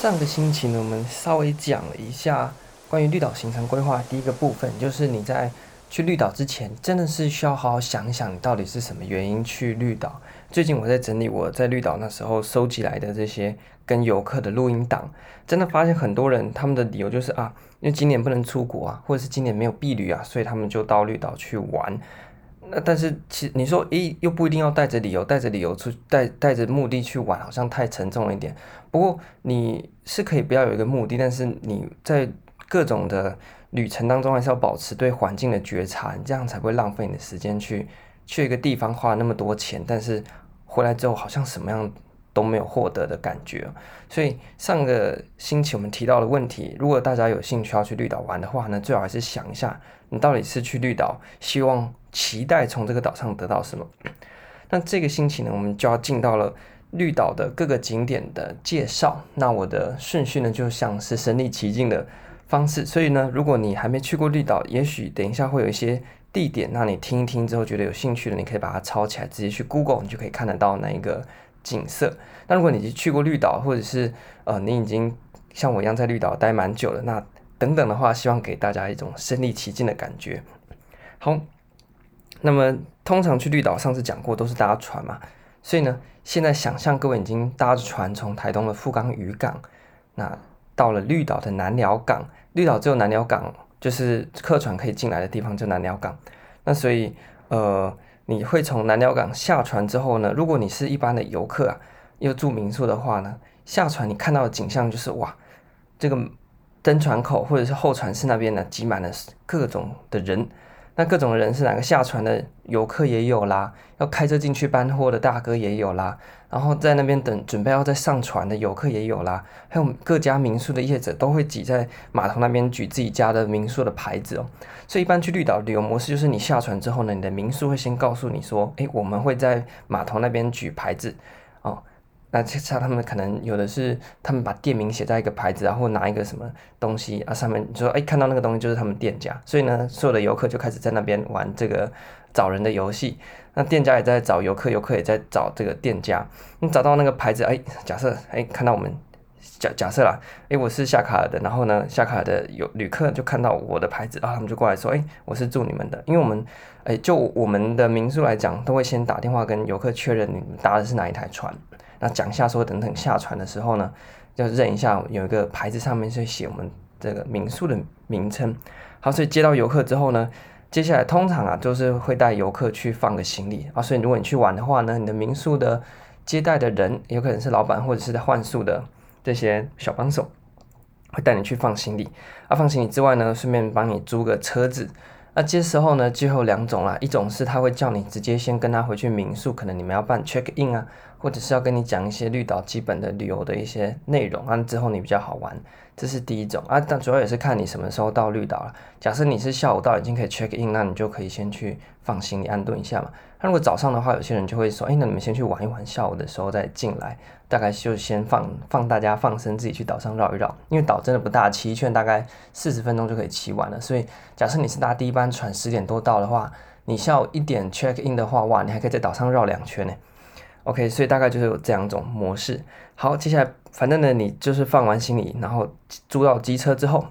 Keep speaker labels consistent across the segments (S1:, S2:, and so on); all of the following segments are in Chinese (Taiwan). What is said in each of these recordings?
S1: 上個星期呢，我們稍微講了一下關於綠島行程規劃第一個部分，就是你在去綠島之前，真的是需要好好想一想，到底是什麼原因去綠島。最近我在整理我在綠島那時候收集來的這些跟遊客的錄音檔，真的發現很多人他們的理由就是啊，因為今年不能出國啊，或者是今年沒有畢旅啊，所以他們就到綠島去玩。那但是，其實你說，一、欸、又不一定要帶着理由，帶着理由出，帶帶着目的去玩，好像太沉重了一點。不過你是可以不要有一個目的，但是你在各種的旅程當中，還是要保持對環境的覺察，你這樣才不會浪費你的時間去去一個地方花那麼多錢，但是回來之後好像什麼樣都沒有獲得的感覺。所以上個星期我們提到的問題，如果大家有興趣要去綠島玩的話呢，那最好還是想一下，你到底是去綠島希望。期待從這個島上得到什麼？那這個星期呢，我們就要進到了綠島的各個景點的介紹。那我的順序呢，就像是身臨其境的方式。所以呢，如果你還沒去過綠島，也許等一下會有一些地點，讓你聽一聽之後覺得有興趣的，你可以把它抄起來，直接去 Google，你就可以看得到那一個景色。那如果你已經去過綠島，或者是呃，你已經像我一樣在綠島待蠻久了，那等等的話，希望給大家一種身臨其境的感覺。好。那麼通常去綠島，上次講過都是搭船嘛，所以呢，現在想象各位已經搭着船從台東的富岡漁港，那到了綠島的南寮港，綠島只有南寮港就是客船可以進來的地方，就南寮港。那所以，呃，你會從南寮港下船之後呢，如果你是一般的遊客啊，又住民宿的話呢，下船你看到的景象就是哇，這個登船口，或者是候船室那邊呢，擠滿了各種的人。那各種人是哪個下船的遊客也有啦，要開車進去搬貨的大哥也有啦，然後在那邊等準備要再上船的遊客也有啦，還有各家民宿的業者都會擠在碼頭那邊舉自己家的民宿的牌子哦。所以一般去綠島旅遊模式就是你下船之後呢，你的民宿會先告訴你說，誒，我們會在碼頭那邊舉牌子。那其實他們可能有的是，他們把店名寫在一個牌子，然後拿一個什麼東西啊上面，就說哎、欸、看到那個東西就是他們店家，所以呢所有的遊客就開始在那邊玩這個找人的遊戲，那店家也在找遊客，遊客也在找這個店家，你找到那個牌子，哎、欸，假設哎、欸、看到我們假假設啦，哎、欸、我是夏卡爾的，然後呢夏卡爾的遊旅客就看到我的牌子啊，他們就過來說哎、欸、我是住你們的，因為我們哎、欸、就我們的民宿來講，都會先打電話跟遊客確認你們搭的是哪一台船。那講一下說，等等下船的時候呢，要認一下有一個牌子上面是寫我們這個民宿的名稱。好，所以接到遊客之後呢，接下來通常啊就是會帶遊客去放個行李啊。所以如果你去玩的話呢，你的民宿的接待的人有可能是老闆或者是在換宿的這些小幫手，會帶你去放行李。啊，放行李之外呢，順便幫你租個車子。那、啊、這時候呢，最後兩種啦，一種是他會叫你直接先跟他回去民宿，可能你們要辦 check in 啊，或者是要跟你講一些綠島基本的旅遊的一些內容啊，之後你比較好玩，這是第一種啊。但主要也是看你什麼時候到綠島了。假設你是下午到，已經可以 check in，那你就可以先去放行李安頓一下嘛。那如果早上的話，有些人就會說，哎、欸，那你們先去玩一玩，下午的時候再進來，大概就先放放大家放生，自己去島上繞一繞，因為島真的不大，騎一圈大概四十分鐘就可以騎完了。所以假設你是搭第一班船十點多到的話，你下午一點 check in 的話，哇，你還可以在島上繞兩圈呢。OK，所以大概就是有這樣一種模式。好，接下來反正呢，你就是放完行李，然後租到機車之後，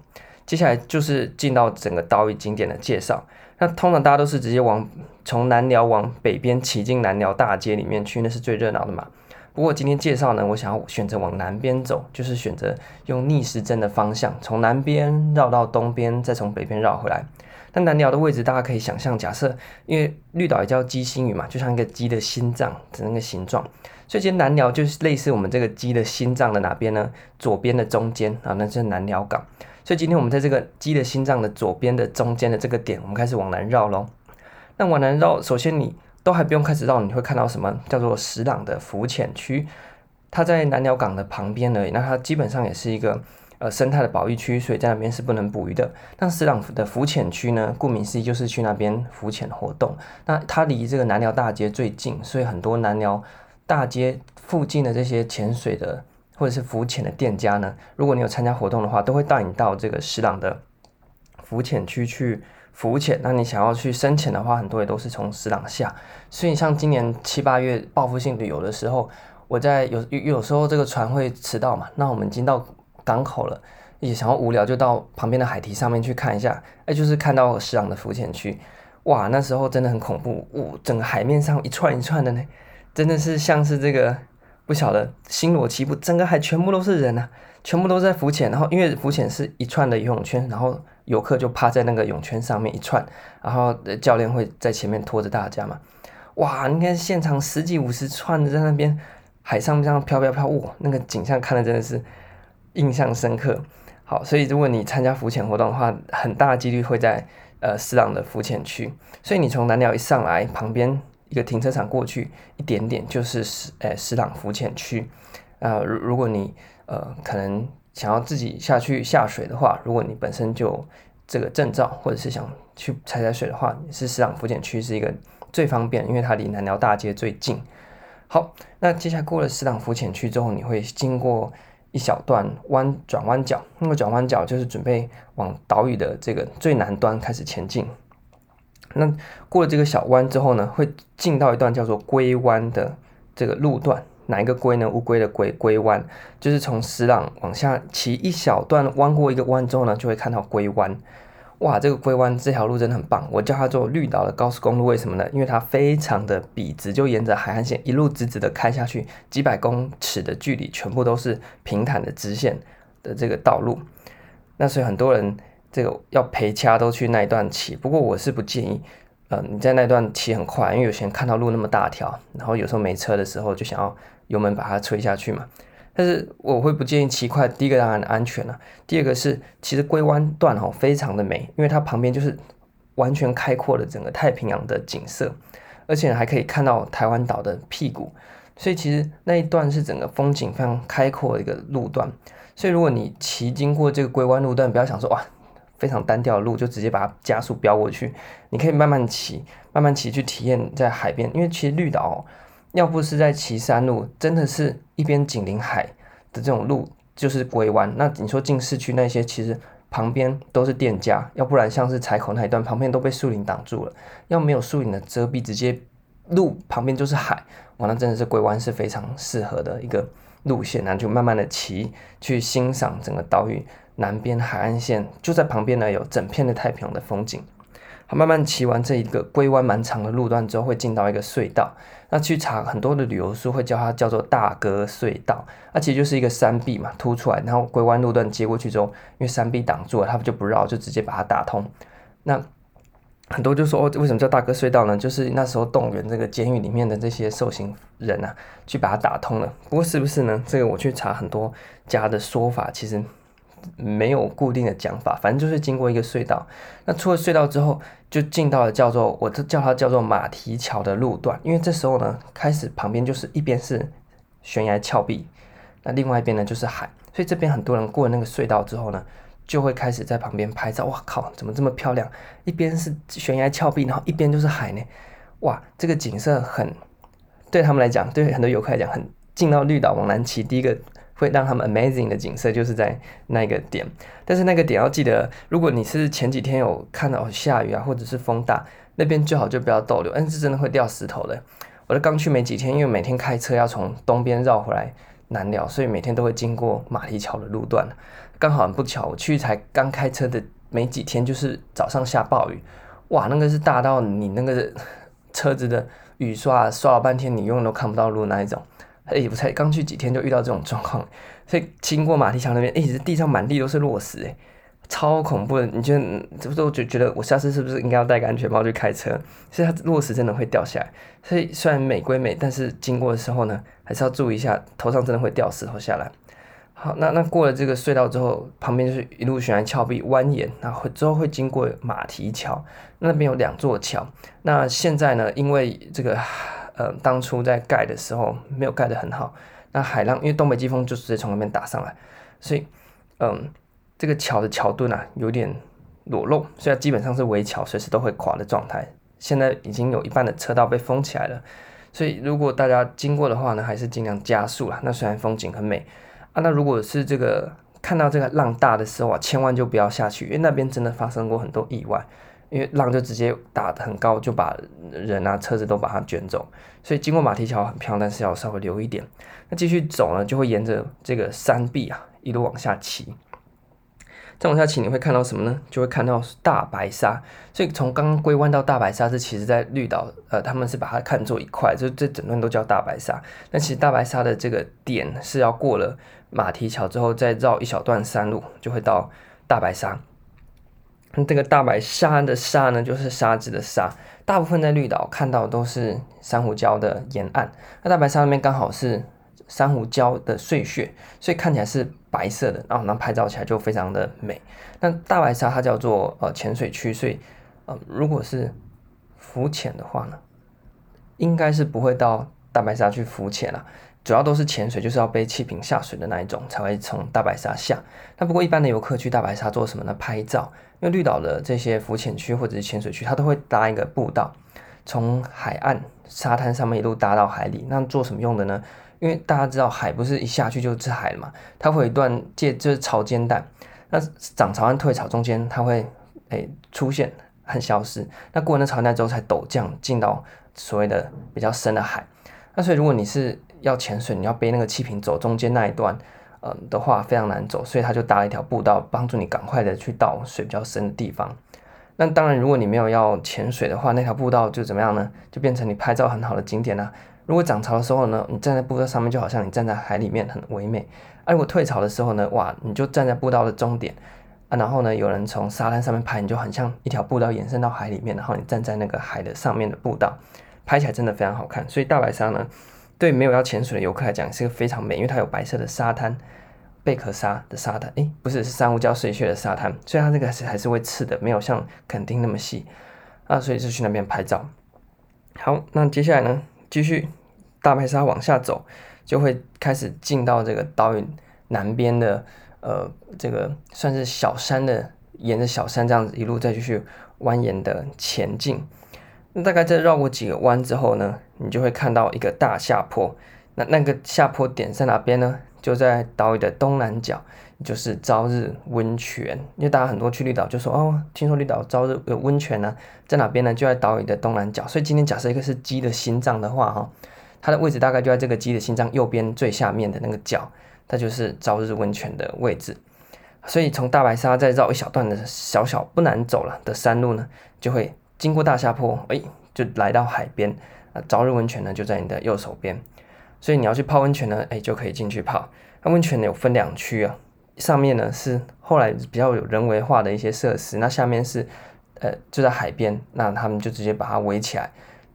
S1: 接下來就是進到整個島嶼景點的介紹。那通常大家都是直接往從南寮往北邊騎進南寮大街裡面去，那是最熱鬧的嘛。不過今天介紹呢，我想要選擇往南邊走，就是選擇用逆時針的方向，從南邊繞到東邊，再從北邊繞回來。那南寮的位置大家可以想象，假設因為綠島也叫雞心嶼嘛，就像一個雞的心臟的那個形狀。所以今天南寮就是類似我們這個雞的心臟的哪邊呢？左邊的中間啊，那就是南寮港。所以今天我們在這個雞的心臟的左邊的中間的這個點，我們開始往南繞嘍。那往南繞，首先你都還不用開始繞，你會看到什麼叫做石朗的浮潛區，它在南寮港的旁邊而已。那它基本上也是一個呃生態的保育區，所以在那邊是不能捕魚的。那石朗的浮潛區呢，顧名思義就是去那邊浮潛活動。那它離這個南寮大街最近，所以很多南寮。大街附近的這些潛水的或者是浮潛的店家呢，如果你有參加活動的話，都會帶你到這個石朗的浮潛區去浮潛。那你想要去深潛的話，很多也都是從石朗下。所以像今年七八月報復性旅遊的時候，我在有有有時候這個船會遲到嘛，那我們已經到港口了，也想要無聊就到旁邊的海堤上面去看一下，哎、欸，就是看到石朗的浮潛區，哇，那時候真的很恐怖，嗚，整個海面上一串一串的呢。真的是像是這個，不曉得星羅棋布，整個海全部都是人啊，全部都在浮潛。然後因為浮潛是一串的游泳圈，然後游客就趴在那個泳圈上面一串，然後教練會在前面拖着大家嘛。哇，你看現場十幾五十串在那邊海上這樣飄飄飄，哇，那個景象看的真的是印象深刻。好，所以如果你參加浮潛活動的話很大幾率會在呃石朗的浮潛區。所以你從南寮一上來旁邊。一個停車場過去一點點就是石誒石朗浮潛區，啊、呃，如如果你呃可能想要自己下去下水的話，如果你本身就這個證照或者是想去踩踩水的話，是石朗浮潛區是一個最方便，因為它離南寮大街最近。好，那接下來過了石朗浮潛區之後，你會經過一小段彎轉彎角，那個轉彎角就是準備往島嶼的這個最南端開始前進。那過了這個小彎之後呢，會進到一段叫做龜灣的這個路段，哪一個龜呢？烏龜的龜，龜灣，就是從石朗往下騎一小段，彎過一個彎之後呢，就會看到龜灣。哇，這個龜灣這條路真的很棒，我叫它做綠島的高速公路，為什麼呢？因為它非常的筆直，就沿着海岸線一路直直的開下去，幾百公尺的距離全部都是平坦的直線的這個道路。那所以很多人。這個要陪掐都去那一段騎，不過我是不建議，呃，你在那一段騎很快，因為有些人看到路那麼大條，然後有時候沒車的時候就想要油門把它催下去嘛。但是我會不建議騎快，第一個當然安全了啊，第二個是其實龜灣段哦非常的美，因為它旁邊就是完全開闊了整個太平洋的景色，而且還可以看到台灣島的屁股，所以其實那一段是整個風景非常開闊的一個路段。所以如果你騎經過這個龜灣路段，不要想說哇。非常單調的路，就直接把它加速飆過去。你可以慢慢騎，慢慢騎去體驗在海邊。因為其實綠島、哦、要不是在騎山路，真的是一邊緊鄰海的這種路就是鬼灣。那你說進市區那些，其實旁邊都是店家，要不然像是柴口那一段，旁邊都被樹林擋住了。要沒有樹林的遮蔽，直接路旁邊就是海，哇，那真的是鬼灣是非常適合的一個路線，然後就慢慢的騎去欣賞整個島嶼。南邊海岸線就在旁邊呢，有整片的太平洋的風景。好，慢慢騎完這一個龜灣蠻長的路段之後，會進到一個隧道。那去查很多的旅遊書會叫它叫做大哥隧道，那其實就是一個山壁嘛，凸出來，然後龜灣路段接過去之後，因為山壁擋住了，他不就不繞，就直接把它打通。那很多就說哦，為什麼叫大哥隧道呢？就是那時候動員這個監獄裡面的這些受刑人啊，去把它打通了。不過是不是呢？這個我去查很多家的說法，其實。沒有固定的講法，反正就是經過一個隧道。那出了隧道之後，就進到了叫做，我就叫它叫做馬蹄橋的路段。因為這時候呢，開始旁邊就是一邊是懸崖峭壁，那另外一邊呢就是海。所以這邊很多人過了那個隧道之後呢，就會開始在旁邊拍照。哇靠，怎麼這麼漂亮？一邊是懸崖峭壁，然後一邊就是海呢？哇，這個景色很，對他們來講，對很多遊客來講，很進到綠島往南騎第一個。會讓他們 amazing 的景色就是在那個點，但是那個點要記得，如果你是前幾天有看到下雨啊，或者是風大，那邊最好就不要逗留，嗯，是真的會掉石頭的。我剛去沒幾天，因為每天開車要從東邊繞回來南寮，所以每天都會經過馬蹄橋的路段。剛好很不巧，我去才剛開車的沒幾天，就是早上下暴雨，哇，那個是大到你那個車子的雨刷刷了半天，你永遠都看不到路那一種。哎、欸，我才剛去幾天就遇到這種狀況，所以經過馬蹄橋那邊，哎、欸，這地上滿地都是落石，欸，哎，超恐怖的。你就，得，不覺得我下次是不是應該要戴個安全帽去開車？所以它落石真的會掉下來。所以雖然美歸美，但是經過的時候呢，還是要注意一下，頭上真的會掉石頭下來。好，那那過了這個隧道之後，旁邊就是一路懸崖峭壁蜿蜒，那會之後會經過馬蹄橋，那邊有兩座橋。那現在呢，因為這個。呃、嗯，當初在蓋的時候沒有蓋得很好，那海浪因為東北季風就直接從那邊打上來，所以，嗯，這個橋的橋墩啊有點裸露，所以基本上是危橋，隨時都會垮的狀態。現在已經有一半的車道被封起來了，所以如果大家經過的話呢，還是盡量加速啦。那雖然風景很美啊，那如果是這個看到這個浪大的時候啊，千萬就不要下去，因為那邊真的發生過很多意外。因為浪就直接打得很高，就把人啊、車子都把它捲走，所以經過馬蹄橋很漂亮，但是要稍微留一點。那繼續走呢，就會沿着這個山壁啊一路往下騎，再往下騎你會看到什麼呢？就會看到大白鯊。所以從剛剛龜灣到大白鯊，是其實在綠島呃，他們是把它看作一塊，就這整段都叫大白鯊。但其實大白鯊的這個點是要過了馬蹄橋之後，再繞一小段山路就會到大白鯊。那這個大白沙的沙呢，就是沙子的沙，大部分在綠島看到都是珊瑚礁的沿岸。那大白沙那邊剛好是珊瑚礁的碎屑，所以看起來是白色的，然後那拍照起來就非常的美。那大白沙它叫做呃潛水區，所以呃如果是浮潛的話呢，應該是不會到大白沙去浮潛了，主要都是潛水，就是要背氣瓶下水的那一種才會從大白沙下。那不過一般的游客去大白沙做什麼呢？拍照。因為綠島的這些浮潛區或者是潛水區，它都會搭一個步道，從海岸沙灘上面一路搭到海裡。那做什麼用的呢？因為大家知道海不是一下去就是海了嘛，它會有一段借，就是潮間帶。那漲潮和退潮中間，它會誒、欸、出現和消失。那過了潮間帶之後，才陡降進到所謂的比較深的海。那所以如果你是要潛水，你要背那個氣瓶走中間那一段，呃的話非常難走，所以他就搭了一條步道，幫助你趕快的去到水比較深的地方。那當然，如果你沒有要潛水的話，那條步道就怎麼樣呢？就變成你拍照很好的景點啦、啊。如果漲潮的時候呢，你站在步道上面，就好像你站在海裡面，很唯美。啊，如果退潮的時候呢，哇，你就站在步道的終點啊，然後呢，有人從沙灘上面拍，你就很像一條步道延伸到海裡面，然後你站在那個海的上面的步道，拍起來真的非常好看。所以大白沙呢，對沒有要潛水的遊客來講也是個非常美，因為它有白色的沙灘、貝殼沙的沙灘，哎，不是，是珊瑚礁碎屑的沙灘，所以它這個是還是會刺的，沒有像墾丁那麼細，那、啊、所以就去那邊拍照。好，那接下來呢，繼續大白沙往下走，就會開始進到這個島嶼南邊的，呃，這個算是小山的，沿着小山這樣子一路再繼續蜿蜒的前進。大概在繞過幾個彎之後呢，你就會看到一個大下坡。那那個下坡點在哪邊呢？就在島嶼的東南角，就是朝日溫泉。因為大家很多去綠島就說哦，聽說綠島朝日有溫泉呢，啊，在哪邊呢？就在島嶼的東南角。所以今天假設一個是雞的心臟的話哈，它的位置大概就在這個雞的心臟右邊最下面的那個角，它就是朝日溫泉的位置。所以從大白沙再繞一小段的小小不難走了的山路呢，就會。經過大下坡，哎，就來到海邊。啊，朝日溫泉呢就在你的右手邊，所以你要去泡溫泉呢，哎，就可以進去泡。那溫泉呢有分兩區啊，上面呢是後來比較有人為化的一些設施，那下面是，呃，就在海邊，那他們就直接把它圍起來，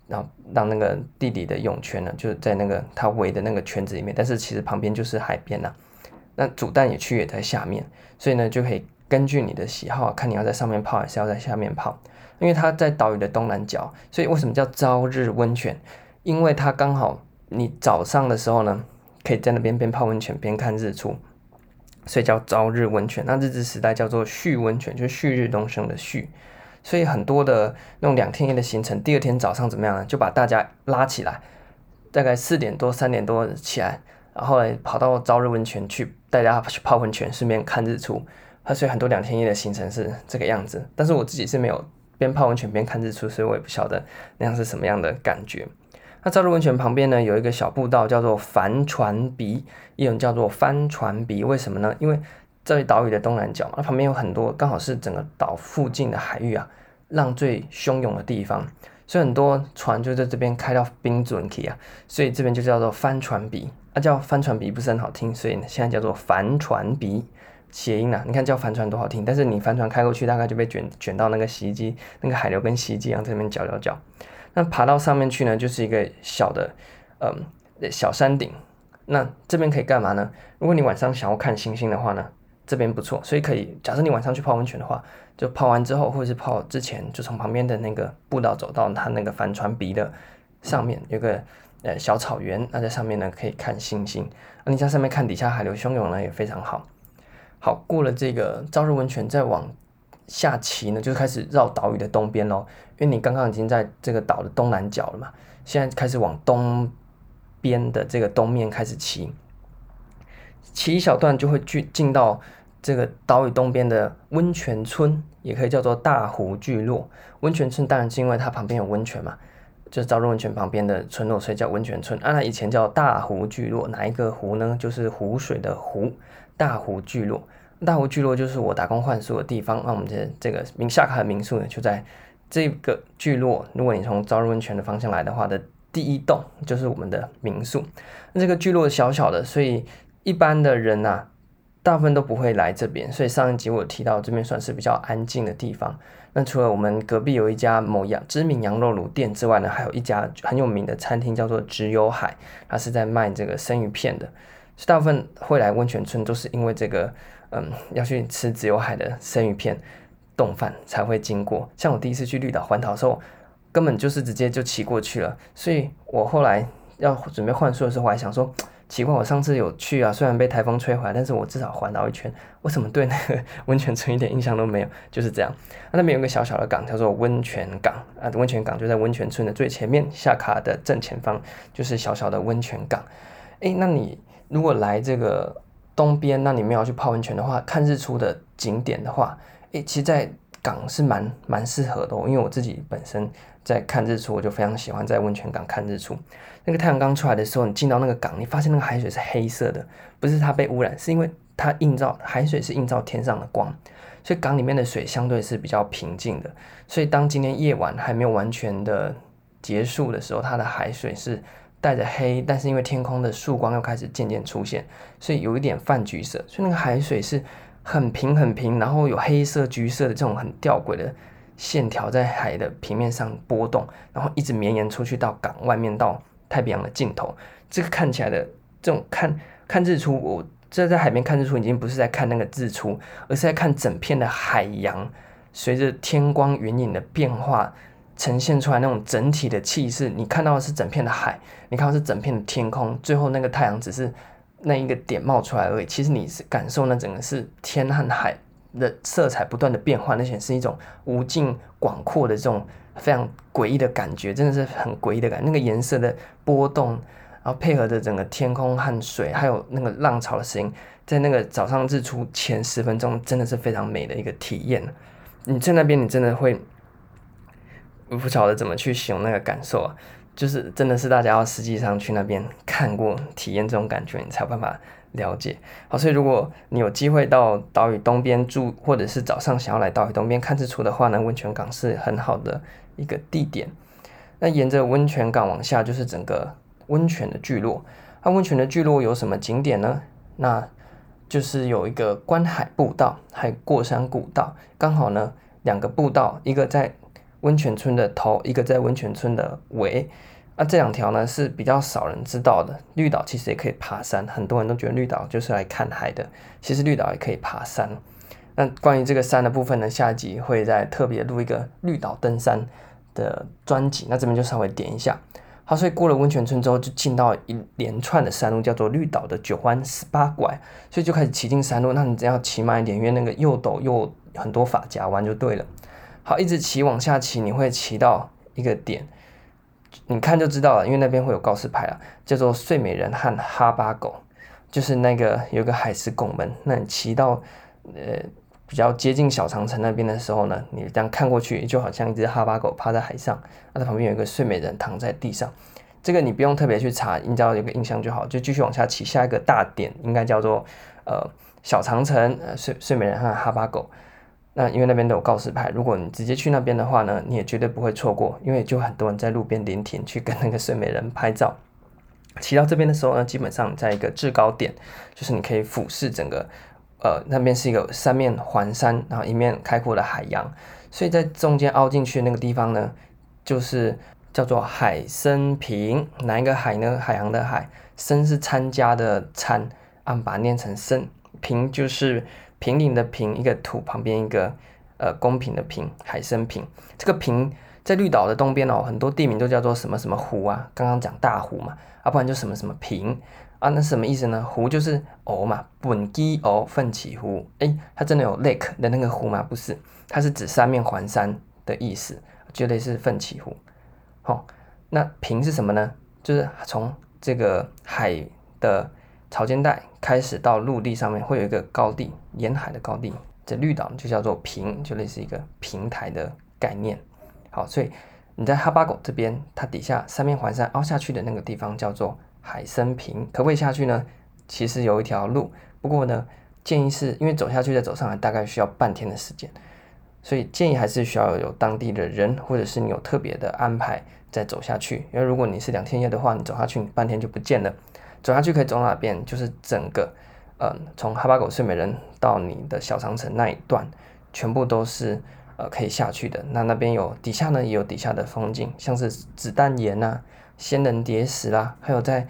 S1: 然後讓那個地底的湧泉呢，就是在那個它圍的那個圈子裡面，但是其實旁邊就是海邊吶、啊。那煮蛋野區也在下面，所以呢就可以。根據你的喜好，看你要在上面泡還是要在下面泡。因為它在島嶼的東南角，所以為什麼叫朝日溫泉？因為它剛好你早上的時候呢，可以在那邊邊泡溫泉邊看日出，所以叫朝日溫泉。那日治時代叫做旭溫泉，就是旭日東升的旭。所以很多的那種兩天一夜的行程，第二天早上怎麼樣呢？就把大家拉起來，大概四點多、三點多起來，然後來跑到朝日溫泉去，帶大家去泡溫泉，順便看日出。所以很多兩天一夜的行程是這個樣子，但是我自己是沒有邊泡溫泉邊看日出，所以我也不曉得那樣是什麼樣的感覺。那朝日溫泉旁邊呢，有一個小步道叫做帆船鼻，一種叫做帆船鼻。為什麼呢？因為這島嶼的東南角，那旁邊有很多，剛好是整個島附近的海域啊，浪最洶湧的地方，所以很多船就在這邊開到冰准體啊，所以這邊就叫做帆船鼻。它、啊、叫翻船鼻不是很好聽，所以現在叫做帆船鼻。諧音吶、啊，你看叫帆船多好聽，但是你帆船開過去，大概就被捲捲到那個洗衣機那個海流跟洗衣機，然後在那邊攪攪攪。那爬到上面去呢，就是一個小的，嗯，小山頂。那這邊可以幹嘛呢？如果你晚上想要看星星的話呢，這邊不錯，所以可以假設你晚上去泡溫泉的話，就泡完之後，或者是泡之前，就從旁邊的那個步道走到它那個帆船鼻的上面，有個呃小草原。那在上面呢，可以看星星，那你在上面看底下海流洶湧呢也非常好。好，過了這個朝日溫泉，再往下騎呢，就開始繞島嶼的東邊嘍。因為你剛剛已經在這個島的東南角了嘛，現在開始往東邊的這個東面開始騎，騎一小段就會去進到這個島嶼東邊的溫泉村，也可以叫做大湖聚落。溫泉村當然是因為它旁邊有溫泉嘛，就是朝日溫泉旁邊的村落，所以叫溫泉村。啊，那以前叫大湖聚落，哪一個湖呢？就是湖水的湖，大湖聚落。大湖聚落就是我打工換宿的地方，那我們這這個名下海民宿呢，就在這個聚落。如果你從朝日溫泉的方向來的話，的第一棟就是我們的民宿。那這個聚落小小的，所以一般的人吶、啊，大部分都不會來這邊。所以上一集我提到這邊算是比較安靜的地方。那除了我們隔壁有一家某羊知名羊肉爐店之外呢，還有一家很有名的餐廳叫做只有海，它是在賣這個生魚片的。所以大部分會來溫泉村都是因為這個。嗯，要去吃自由海的生魚片，丼飯才會經過。像我第一次去綠島環島的時候，根本就是直接就騎過去了。所以，我後來要準備換宿的時候，我還想說，奇怪，我上次有去啊，雖然被台風吹回來，但是我至少環島一圈，我怎麼對那個溫泉村一點印象都沒有？就是這樣。啊，那那邊有個小小的港，叫做溫泉港啊，溫泉港就在溫泉村的最前面，下卡的正前方就是小小的溫泉港。誒、欸，那你如果來這個。東邊，那你們要去泡溫泉的話，看日出的景點的話，誒、欸，其實在港是蠻蠻適合的，哦，因為我自己本身在看日出，我就非常喜歡在溫泉港看日出。那個太陽剛出來的時候，你進到那個港，你發現那個海水是黑色的，不是它被污染，是因為它映照海水是映照天上的光，所以港裡面的水相對是比較平靜的。所以當今天夜晚還沒有完全的結束的時候，它的海水是帶着黑，但是因為天空的曙光又開始漸漸出現，所以有一點泛橘色，所以那個海水是很平很平，然後有黑色橘色的這種很吊詭的線條在海的平面上波動，然後一直綿延出去到港外面到太平洋的盡頭。這個看起來的這種看看日出，我這在海邊看日出已經不是在看那個日出，而是在看整片的海洋隨着天光雲影的變化。呈現出來那種整體的氣勢，你看到的是整片的海，你看到是整片的天空，最後那個太陽只是那一個點冒出來而已。其實你是感受那整個是天和海的色彩不斷的變化，那顯示一種無盡廣闊的這種非常詭異的感覺，真的是很詭異的感覺。那個顏色的波動，然後配合着整個天空和水，還有那個浪潮的聲音，在那個早上日出前十分鐘，真的是非常美的一個體驗。你在那邊，你真的會。我不曉得怎麼去形容那個感受啊，就是真的是大家要實際上去那邊看過、體驗這種感覺，你才有辦法了解。好，所以如果你有機會到島嶼東邊住，或者是早上想要來島嶼東邊看日出的話呢，溫泉港是很好的一個地點。那沿着溫泉港往下，就是整個溫泉的聚落。那溫泉的聚落有什麼景點呢？那就是有一個觀海步道，還有過山古道。剛好呢，兩個步道，一個在。溫泉村的頭，一個在溫泉村的尾，那、啊、這兩條呢是比較少人知道的。綠島其實也可以爬山，很多人都覺得綠島就是來看海的，其實綠島也可以爬山。那關於這個山的部分呢，下一集會再特別錄一個綠島登山的專輯。那這邊就稍微點一下。好，所以過了溫泉村之後，就進到一連串的山路，叫做綠島的九彎十八拐，所以就開始騎進山路。那你只要騎慢一點，因為那個又陡又很多髮夾彎就對了。好，一直騎往下騎，你會騎到一個點，你看就知道了，因為那邊會有告示牌啊，叫做“睡美人和哈巴狗”，就是那個有個海蝕拱門。那你騎到呃比較接近小長城那邊的時候呢，你這樣看過去，就好像一隻哈巴狗趴在海上，它的旁邊有一個睡美人躺在地上。這個你不用特別去查，你知道有個印象就好。就繼續往下騎，下一個大點應該叫做呃小長城，呃睡睡美人和哈巴狗。那因為那邊都有告示牌，如果你直接去那邊的話呢，你也絕對不會錯過，因為就很多人在路邊臨停去跟那個睡美人拍照。騎到這邊的時候呢，基本上在一個制高點，就是你可以俯視整個，呃，那邊是一個三面環山，然後一面開闊的海洋，所以在中間凹進去的那個地方呢，就是叫做海參坪，哪一個海呢？海洋的海，參是參加的參，啊，把它念成參坪就是。平頂的平，一個土旁邊一個呃，公平的平，海參平。這個平在綠島的東邊哦，很多地名都叫做什麼什麼湖啊，剛剛講大湖嘛，啊，不然就什麼什麼平啊，那什麼意思呢？湖就是湖嘛，本雞湖，奮起湖。哎、欸，它真的有 lake 的那個湖嗎？不是，它是指三面環山的意思，絕對是奮起湖。好，那平是什麼呢？就是從這個海的。潮間帶開始到陸地上面會有一個高地，沿海的高地，這綠島就叫做平，就類似一個平台的概念。好，所以你在哈巴狗這邊，它底下三面環山凹下去的那個地方叫做海參坪，可不可以下去呢？其實有一條路，不過呢，建議是因為走下去再走上來大概需要半天的時間，所以建議還是需要有當地的人或者是你有特別的安排再走下去，因為如果你是兩天一夜的話，你走下去你半天就不見了。走下去可以走哪邊？就是整個，嗯、呃、從哈巴狗睡美人到你的小長城那一段，全部都是呃可以下去的。那那邊有底下呢，也有底下的風景，像是子彈岩吶、啊、仙人疊石啦、啊，還有在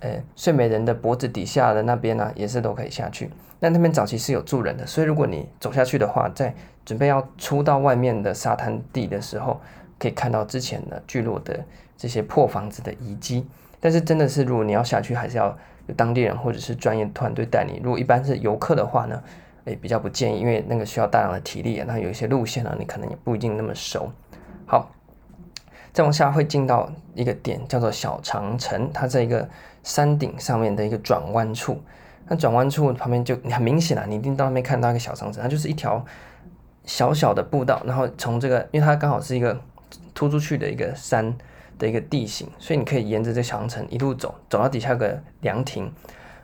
S1: 呃睡美人的脖子底下的那邊呢、啊，也是都可以下去。那那邊早期是有住人的，所以如果你走下去的話，在準備要出到外面的沙灘地的時候，可以看到之前的聚落的這些破房子的遺跡。但是真的是，如果你要下去，還是要有當地人或者是專業團隊帶你。如果一般是遊客的話呢，哎，比較不建議，因為那個需要大量的體力、啊，然後有一些路線呢、啊，你可能也不一定那麼熟。好，再往下會進到一個點，叫做小長城，它在一個山頂上面的一個轉彎處。那轉彎處旁邊就你很明顯了、啊，你一定到那邊看到一個小長城，它就是一條小小的步道，然後從這個，因為它剛好是一個突出去的一個山。的一個地形，所以你可以沿着這個小長城一路走，走到底下個涼亭。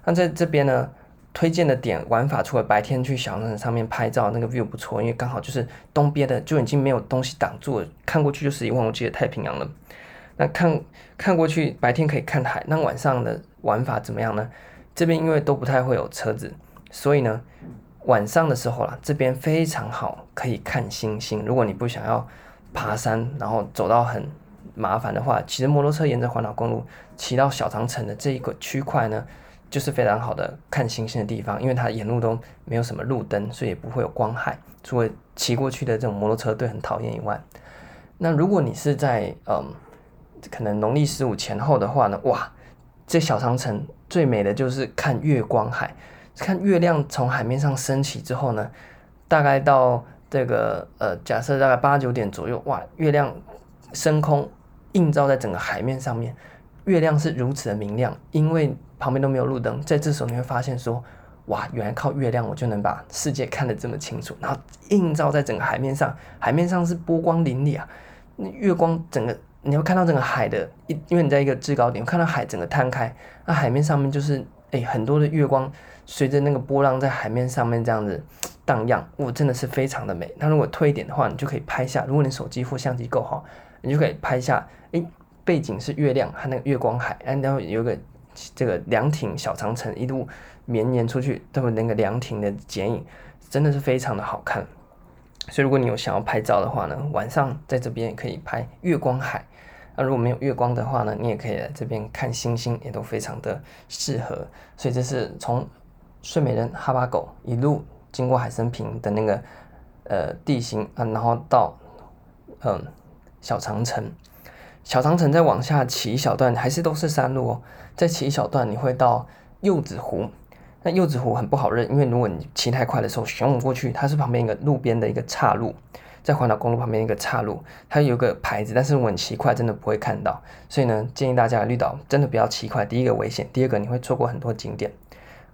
S1: 那在這邊呢，推薦的點玩法，除了白天去小長城上面拍照，那個 view 不錯，因為剛好就是東邊的就已經沒有東西擋住了，看過去就是一望無際的太平洋了。那看看過去白天可以看海，那晚上的玩法怎麼樣呢？這邊因為都不太會有車子，所以呢，晚上的時候啦，這邊非常好，可以看星星。如果你不想要爬山，然後走到很。麻煩的話，騎着摩托車沿着環島公路騎到小長城的這一個區塊呢，就是非常好的看星星的地方，因為它沿路都沒有什麼路燈，所以也不會有光害。除了騎過去的這種摩托車隊很討厭以外，那如果你是在嗯、呃，可能農曆十五前後的話呢，哇，這小長城最美的就是看月光海，看月亮從海面上升起之後呢，大概到這個呃，假設大概八九點左右，哇，月亮升空。映照在整個海面上面，月亮是如此的明亮，因為旁邊都沒有路燈。在這時候你會發現說，哇，原來靠月亮我就能把世界看得這麼清楚。然後映照在整個海面上，海面上是波光粼粼啊，那月光整個你會看到整個海的，因因為你在一個制高點看到海整個攤開，那海面上面就是誒，很多的月光隨着那個波浪在海面上面這樣子蕩漾，我、哦、真的是非常的美。那如果退一點的話，你就可以拍下。如果你手機或相機夠好，你就可以拍下。背景是月亮和那個月光海，然後有個這個涼亭小長城一路綿延出去，都有那個涼亭的剪影，真的是非常的好看。所以如果你有想要拍照的話呢，晚上在這邊也可以拍月光海。那、啊、如果沒有月光的話呢，你也可以來這邊看星星，也都非常的適合。所以這是從睡美人哈巴狗一路經過海參坪的那個呃地形啊，然後到嗯、呃、小長城。小長城再往下騎一小段，還是都是山路哦。再騎一小段，你會到柚子湖。那柚子湖很不好認，因為如果你騎太快的時候，旋往過去，它是旁邊一個路邊的一個岔路，在環島公路旁邊一個岔路，它有個牌子，但是你騎快真的不會看到。所以呢，建議大家綠島真的不要騎快，第一個危險，第二個你會錯過很多景點。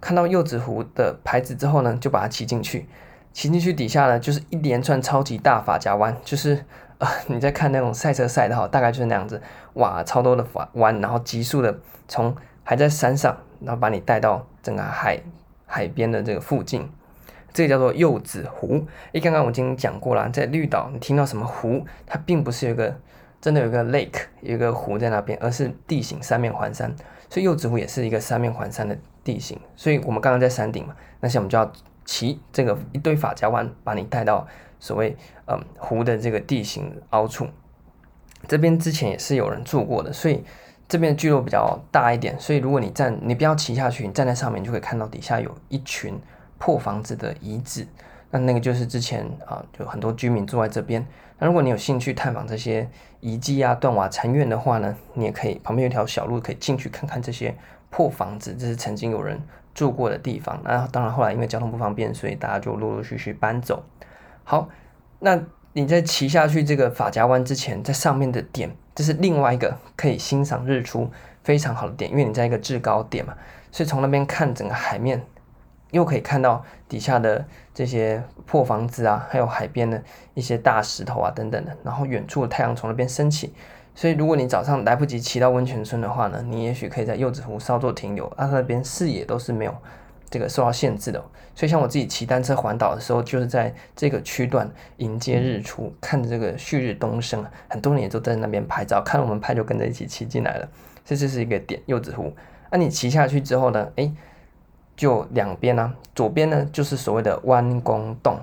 S1: 看到柚子湖的牌子之後呢，就把它騎進去。騎進去底下呢，就是一連串超級大髮夾彎，就是。 你在看那種賽車賽道，大概就是那樣子，哇，超多的彎，然後急速的從還在山上，然後把你帶到整個海海邊的這個附近，這個叫做柚子湖。誒、哎，剛剛我已經講過了，在綠島你聽到什麼湖，它並不是有一個真的有一個 lake，有一個湖在那邊，而是地形三面環山，所以柚子湖也是一個三面環山的地形。所以我們剛剛在山頂嘛，那現在我們就要。騎這個一堆髮夾彎，把你帶到所謂嗯湖的這個地形凹處。這邊之前也是有人住過的，所以這邊的聚落比較大一點。所以如果你站，你不要騎下去，你站在上面就可以看到底下有一群破房子的遺址。那那個就是之前啊，就很多居民住在這邊。那如果你有興趣探訪這些遺跡啊、斷瓦殘垣的話呢，你也可以旁邊有一條小路，可以進去看看這些破房子，這是曾經有人。住過的地方，那當然，後來因為交通不方便，所以大家就陸陸續續搬走。好，那你在騎下去這個法家灣之前，在上面的點，這是另外一個可以欣賞日出非常好的點，因為你在一個制高點嘛，所以從那邊看整個海面，又可以看到底下的這些破房子啊，還有海邊的一些大石頭啊等等的，然後遠處的太陽從那邊升起。所以，如果你早上來不及騎到溫泉村的話呢，你也許可以在柚子湖稍作停留。啊、那那邊視野都是沒有這個受到限制的。所以，像我自己騎單車環島的時候，就是在這個區段迎接日出，嗯、看這個旭日東升，很多人也都在那邊拍照，看我們拍就跟着一起騎進來了。所以這就是一個點，柚子湖。那、啊、你騎下去之後呢？誒、欸，就兩邊、啊、呢，左邊呢就是所謂的彎弓洞，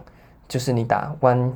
S1: 就是你打彎。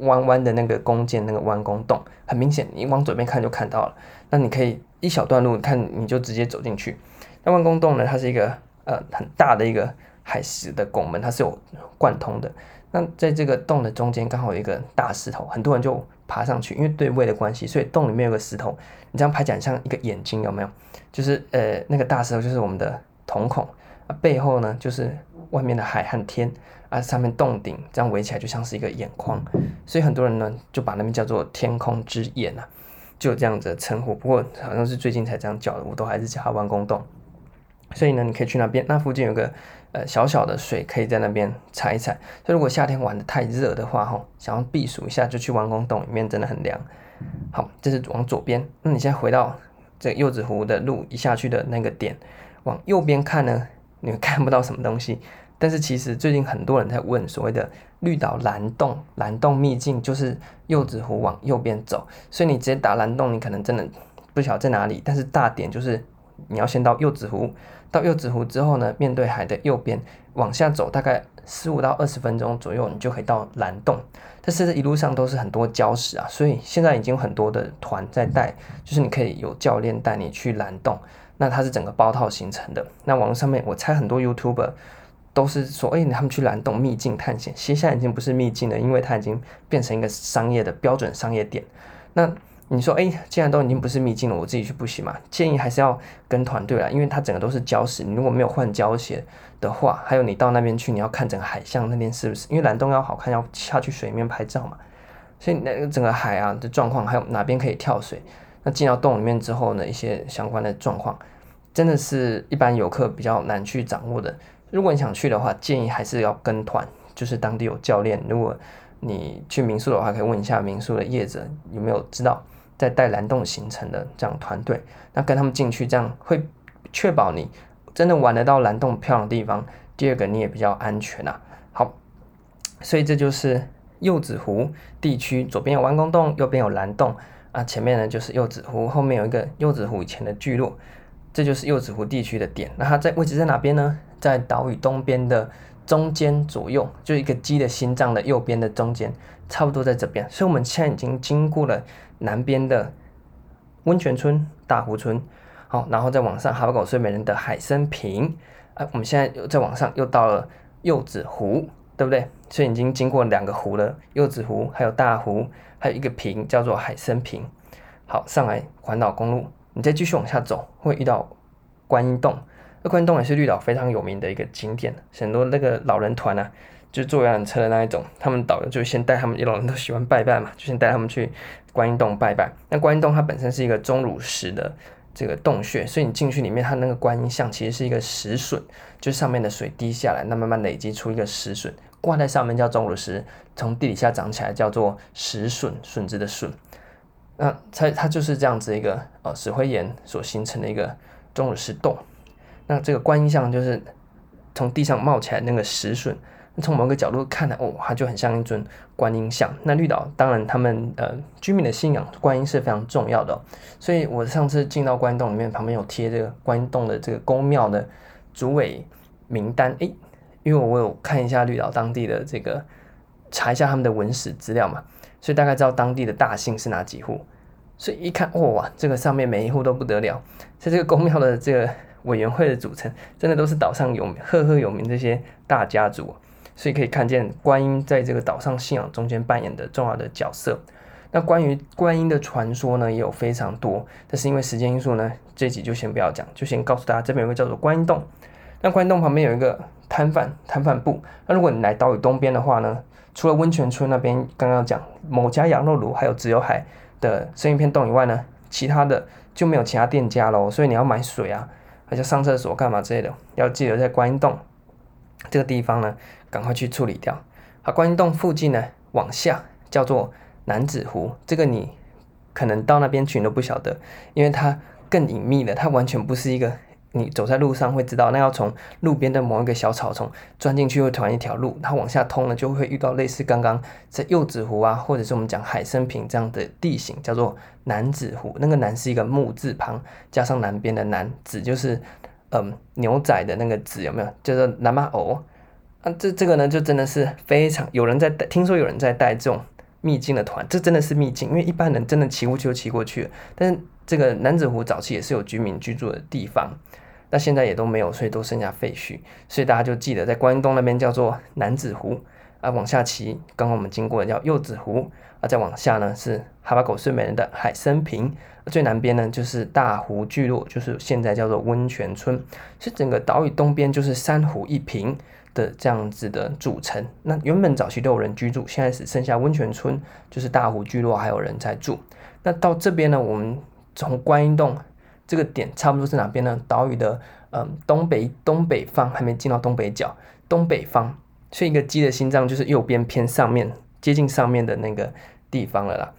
S1: 彎彎的那個弓箭，那個彎弓洞很明顯，你往左邊看就看到了。那你可以一小段路看，看你就直接走進去。那彎弓洞呢，它是一個呃很大的一個海蝕的拱門，它是有貫通的。那在這個洞的中間剛好有一個大石頭，很多人就爬上去，因為對位的關係，所以洞裡面有個石頭，你這樣拍起來像一個眼睛，有沒有？就是呃那個大石頭就是我們的瞳孔，啊背後呢就是外面的海和天。它、啊、上面洞頂這樣圍起來，就像是一個眼眶，所以很多人呢就把那邊叫做“天空之眼”啊，就這樣子稱呼。不過好像是最近才這樣叫的，我都還是叫它彎弓洞。所以呢，你可以去那邊，那附近有個呃小小的水，可以在那邊踩一踩。所以如果夏天玩的太熱的話，吼、喔，想要避暑一下，就去彎弓洞裡面，真的很涼。好，這是往左邊。那你現在回到這柚子湖的路一下去的那個點，往右邊看呢？你看不到什麼東西，但是其實最近很多人在問所謂的綠島藍洞，藍洞秘境就是柚子湖往右邊走，所以你直接打藍洞，你可能真的不曉得在哪裡。但是大點就是你要先到柚子湖，到柚子湖之後呢，面對海的右邊往下走，大概十五到二十分鐘左右，你就可以到藍洞。但是一路上都是很多礁石啊，所以現在已經很多的團在帶，就是你可以有教練帶你去藍洞。那它是整個包套形成的。那網絡上面我猜很多 YouTuber 都是說，哎、欸，你他們去藍洞秘境探險，其實現在已經不是秘境了，因為它已經變成一個商業的標準商業點。那你說，哎、欸，既然都已經不是秘境了，我自己去不行嘛？建議還是要跟團隊來，因為它整個都是礁石，你如果沒有換膠鞋的話，還有你到那邊去，你要看整個海象那邊是不是，因為藍洞要好看，要下去水面拍照嘛，所以那整個海啊的狀況，還有哪邊可以跳水。那進到洞裡面之後呢，一些相關的狀況，真的是一般遊客比較難去掌握的。如果你想去的話，建議還是要跟團，就是當地有教練。如果你去民宿的話，可以問一下民宿的業者有沒有知道在帶藍洞行程的這樣團隊。那跟他們進去，這樣會確保你真的玩得到藍洞漂亮的地方。第二個，你也比較安全啊。好，所以這就是柚子湖地區，左邊有彎弓洞，右邊有藍洞。啊，前面呢就是柚子湖，後面有一個柚子湖以前的聚落，這就是柚子湖地區的點。那它在位置在哪邊呢？在島嶼東邊的中間左右，就一個雞的心臟的右邊的中間，差不多在這邊。所以我們現在已經經過了南邊的溫泉村、大湖村，好，然後再往上，哈巴狗睡美人的海參坪，啊，我們現在又再往上，又到了柚子湖，對不對？所以已經經過兩個湖了，柚子湖還有大湖，還有一個坪叫做海參坪。好，上來環島公路，你再繼續往下走，會遇到觀音洞。那觀音洞也是綠島非常有名的一個景點，很多那個老人團啊，就坐遊覽車的那一種，他們導遊就先帶他們，一老人都喜歡拜拜嘛，就先帶他們去觀音洞拜拜。那觀音洞它本身是一個鐘乳石的。這個洞穴，所以你進去裡面，它那個觀音像其實是一個石筍，就是、上面的水滴下來，那慢慢累積出一個石筍，掛在上面叫鐘乳石，從地底下長起來叫做石筍，筍子的筍。那它它就是這樣子一個呃、哦、石灰岩所形成的一個鐘乳石洞。那這個觀音像就是從地上冒起來那個石筍。從某個角度看呢，哦，它就很像一尊觀音像。那綠島當然，他們呃居民的信仰觀音是非常重要的、哦。所以我上次進到觀音洞裡面，旁邊有貼這個觀音洞的這個宮廟的主委名單。誒，因為我我有看一下綠島當地的這個，查一下他們的文史資料嘛，所以大概知道當地的大姓是哪幾戶。所以一看，哦、哇，這個上面每一戶都不得了，在這個宮廟的這個委員會的組成，真的都是島上有赫赫有名這些大家族。所以可以看見觀音在這個島上信仰中間扮演的重要的角色。那關於觀音的傳說呢，也有非常多。但是因為時間因素呢，這集就先不要講，就先告訴大家這邊有個叫做觀音洞。那觀音洞旁邊有一個攤販攤販部。那如果你來島嶼東邊的話呢，除了溫泉村那邊剛剛講某家羊肉爐，還有自由海的生魚片洞以外呢，其他的就沒有其他店家嘍。所以你要買水啊，或者上廁所幹嘛之類的，要記得在觀音洞這個地方呢。趕快去處理掉。好，觀音洞附近呢，往下叫做楠仔湖。這個你可能到那邊去你都不曉得，因為它更隱秘的，它完全不是一個你走在路上會知道。那要從路邊的某一個小草叢鑽進去，會團一條路，它往下通了，就會遇到類似剛剛在柚子湖啊，或者是我們講海參坪這樣的地形，叫做楠仔湖。那個南是一個木字旁加上南邊的南，仔就是嗯、呃、牛仔的那個仔，有沒有？就是南馬偶。那、啊、這這個呢，就真的是非常有人在帶，聽說有人在帶這種秘境的團，這真的是秘境，因為一般人真的騎過去就騎過去了。但是這個南子湖早期也是有居民居住的地方，那現在也都沒有，所以都剩下廢墟。所以大家就記得，在關東那邊叫做南子湖啊，往下騎，剛剛我們經過的叫柚子湖啊，再往下呢是哈巴狗睡美人的海參坪，啊，最南邊呢就是大湖聚落，就是現在叫做溫泉村。所以整個島嶼東邊就是三湖一坪的這樣子的組成，那原本早期都有人居住，現在只剩下溫泉村，就是大湖聚落還有人在住。那到這邊呢，我們從觀音洞這個點，差不多是哪邊呢？島嶼的嗯，東北東北方，還沒進到東北角東北方，所以一個雞的心臟就是右邊偏上面，接近上面的那個地方了啦。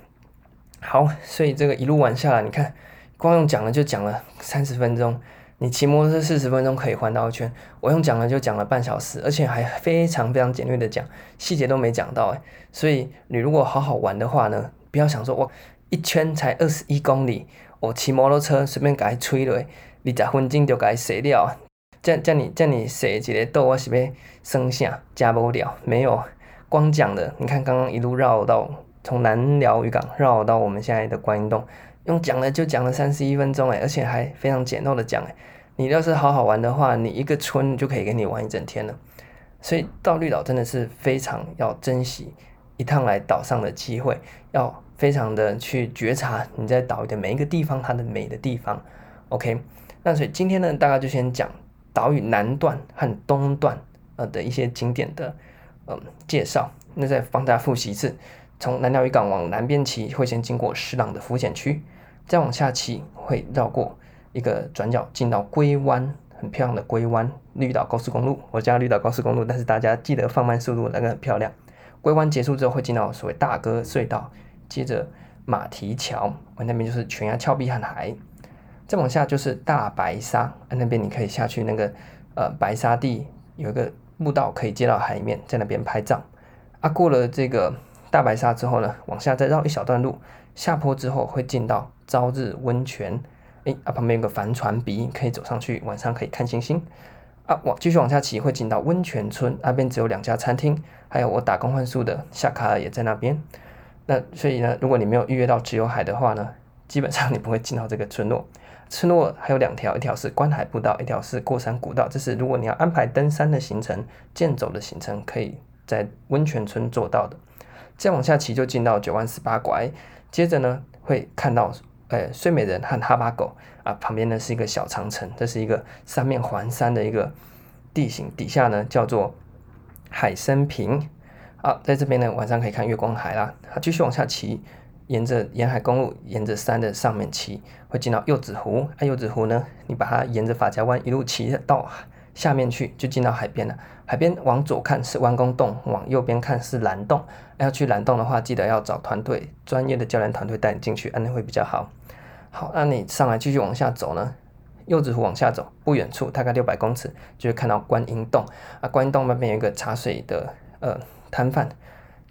S1: 好，所以這個一路玩下來，你看光用講了就講了三十分鐘。你騎摩托車四十分鐘可以環島一圈，我用講的就講了半小時，而且還非常非常簡略的講，細節都沒講到誒。所以你如果好好玩的話呢，不要想說我一圈才二十一公里，我、哦、騎摩托車隨便給吹落，你十分鐘就給伊掉了。這、這、你、這、你踅一個島我是要剩下加不了，沒有。光講的，你看剛剛一路繞到從南寮漁港繞到我們現在的觀音洞。用講了就講了三十一分鐘哎、欸，而且還非常簡陋的講哎、欸。你要是好好玩的話，你一個村就可以給你玩一整天了。所以到綠島真的是非常要珍惜一趟來島上的機會，要非常的去覺察你在島嶼的每一個地方它的美的地方。OK，那所以今天呢，大概就先講島嶼南段和東段呃的一些景點的嗯介紹。那再幫大家複習一次，從南寮漁港往南邊騎會先經過石朗的浮潛區。再往下去會繞過一個轉角，進到龜灣，很漂亮的龜灣，綠島高速公路，我家綠島高速公路，但是大家記得放慢速度，那個很漂亮。龜灣結束之後會進到所謂大哥隧道，接着馬蹄橋，我那邊就是懸崖峭壁和海。再往下就是大白沙，那邊你可以下去那個呃白沙地，有一個步道可以接到海面，在那邊拍照。啊，過了這個大白沙之後呢，往下再繞一小段路。下坡之後會進到朝日溫泉，哎、欸、啊，旁邊有個帆船鼻，可以走上去，晚上可以看星星。啊，往繼續往下騎會進到溫泉村，那邊只有兩家餐廳，還有我打工換宿的夏卡爾也在那邊。那所以呢，如果你沒有預約到只有海的話呢，基本上你不會進到這個村落。村落還有兩條，一條是觀海步道，一條是過山古道。這是如果你要安排登山的行程、健走的行程，可以在溫泉村做到的。再往下騎就進到九彎十八拐。接着呢，會看到，呃、欸、睡美人和哈巴狗啊，旁邊呢是一個小長城，這是一個三面環山的一個地形，底下呢叫做海參坪啊，在這邊呢晚上可以看月光海啦。好、啊，繼續往下騎，沿着沿海公路，沿着山的上面騎，會進到柚子湖。那、啊、柚子湖呢，你把它沿着法家灣一路騎到下面去，就進到海邊了。海邊往左看是彎弓洞，往右邊看是藍洞。要去藍洞的話，記得要找團隊，專業的教練團隊帶你進去，安、啊、全會比較好。好，那你上來繼續往下走呢，柚子湖往下走，不遠處大概六百公尺就會看到觀音洞。啊，觀音洞那邊有一個茶水的呃攤販，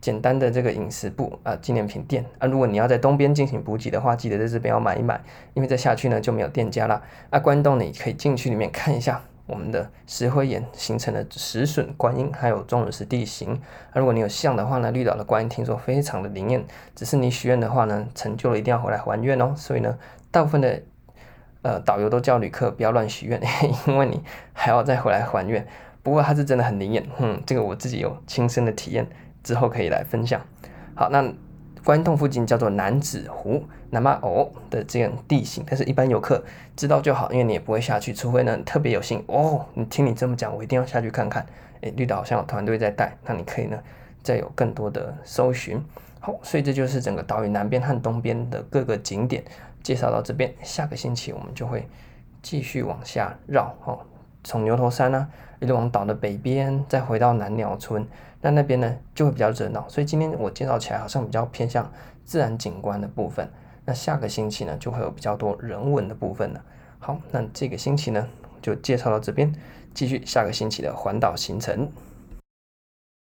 S1: 簡單的這個飲食部啊、呃，紀念品店啊。如果你要在東邊進行補給的話，記得在這邊要買一買，因為再下去呢就沒有店家了。啊，觀音洞你可以進去裡面看一下。我們的石灰岩形成的石筍、觀音，還有鐘乳石地形。而如果你有像的話呢，綠島的觀音聽說非常的靈驗。只是你許願的話呢，成就了一定要回來還願哦。所以呢，大部分的呃導遊都叫旅客不要亂許願，因為你還要再回來還願。不過它是真的很靈驗，嗯，這個我自己有親身的體驗，之後可以來分享。好，那。觀洞附近叫做南子湖，南媽哦的這樣地形，但是一般遊客知道就好，因為你也不會下去，除非呢特別有幸哦。你聽你這麼講，我一定要下去看看。哎、欸，綠島好像有團隊在帶，那你可以呢再有更多的搜尋。好，所以這就是整個島嶼南邊和東邊的各個景點介紹到這邊，下個星期我們就會繼續往下繞哦，從牛頭山呢、啊、一路往島的北邊，再回到南寮村。那那邊呢就會比較熱鬧，哦，所以今天我介紹起來好像比較偏向自然景觀的部分。那下個星期呢就會有比較多人文的部分了。好，那這個星期呢就介紹到這邊，繼續下個星期的環島行程。